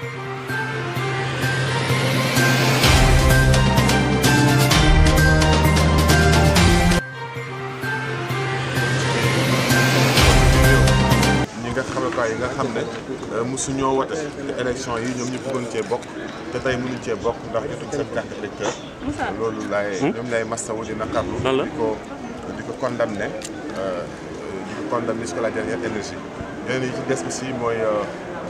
xamekaay yi nga xam ne euh, mosu ñoo wote te élection yi ñoom ñëpp bëggoon cee bokk te tey mënuñ cee bokk ndax jotuñ seen carte électeur loolu laay hmm? ñoom lay mastawu di naqarlu di ko di ko condamné euh, di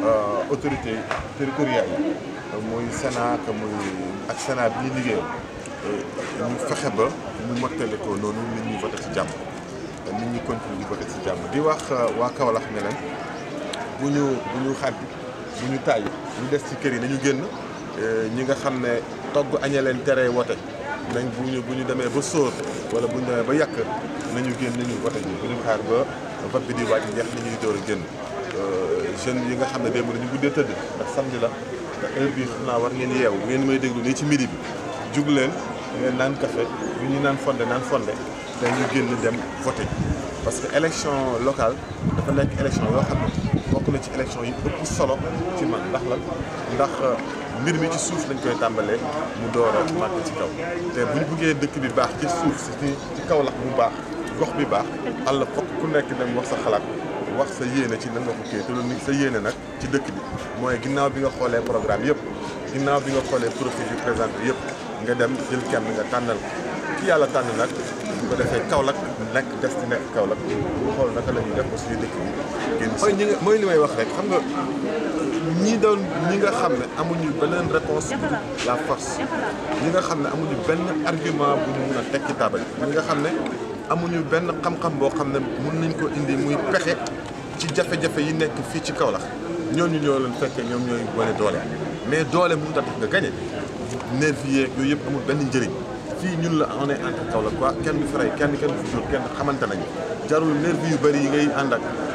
Euh, autorité territoriale yi muy Sénat que muy ak Sénat bi ñuy liggéeyal ñu fexe ba ñu mottale ko noonu nit ñi voté ci jàmm nit ñi continuer di ci jàmm di wax euh, waa Kaolack ne bu ñu bu ñu xàbbi bu ñu tàyyi ñu des ci kër yi nañu génn ñi nga xam ne togg aña leen teree wote nañ bu ñu bu ñu demee ba sóor wala bu ñu demee ba yàq nañu génn nañu wote ji bu ñu xaar ba vote bi di waaj njeex ni ñuy door a génn Euh, jeunes yi nga xam ne démb la ñu guddee tëdd ndax samedi la te heure xam naa war ngeen yeewu bu ngeen may déglu nii ci midi bi jug leen ngeen naan café bu ñuy naan fonde naan fonde te ñu génn dem voté parce que élection local dafa nekk élection yoo xam ne bokk na ci élection yi ëpp solo ci man ndax la ndax euh, mbir mi ci suuf lañ koy tàmbalee mu door a màgg ci kaw te buñ buggee dëkk bi baax ci suuf si ci kaw lax mu baax gox bi baax àll fokk ku nekk dem wax sa xalaat wax sa yéene ci nan nga ko kii te loolu sa yéene nag ci dëkk bi mooy ginnaaw bi nga xoolee programme yëpp ginnaaw bi nga xoolee profil yi présenté yëpp nga dem jël kenn nga tànnal ki yàlla tànn nag bu ko defee Kaolack nekk des ci nekk Kaolack bu xool naka la ñuy def ba suñu dëkk bi génn mooy ñi nga mooy li may wax rek xam nga ñi doon ñi nga xam ne amuñu beneen réponse la force ñi nga xam ne amuñu benn argument bu ñu mun a teg ci taabal ñi nga xam ne amuñu benn xam-xam boo xam ne mën nañ ko indi muy pexe ci jafe-jafe yi nekk fii ci Kaolack ñooñu ñoo leen fekkee ñoom ñooy wane doole mais doole mënut a tax nga gañe nervier yooyu yëpp amul benn njëriñ fii ñun la on est entre Kaolack quoi kenn fi rey kenn kenn du fi jur kenn xamante nañu jarul nervi yu bëri yi ngay ànd ak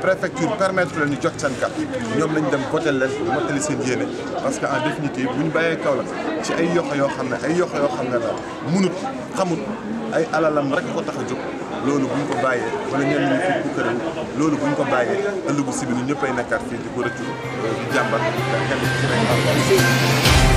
préfecture permettre leen ñu jot seen carte ñoom nañ dem voté leen mottali seen yéene parce que en définitive bu ñu bàyyee Kaolack ci ay yoxo yoo xam ne ay yoxo yoo xam ne daal munut xamut ay alalam rek ko tax a jóg loolu bu ñu ko bàyyee wala ñenn ñi fi bu këram loolu bu ñu ko bàyyee ëllëgu si bi ñu ñëpp ay nekkaat fii di ko rëccu di jàmbat kenn ci rek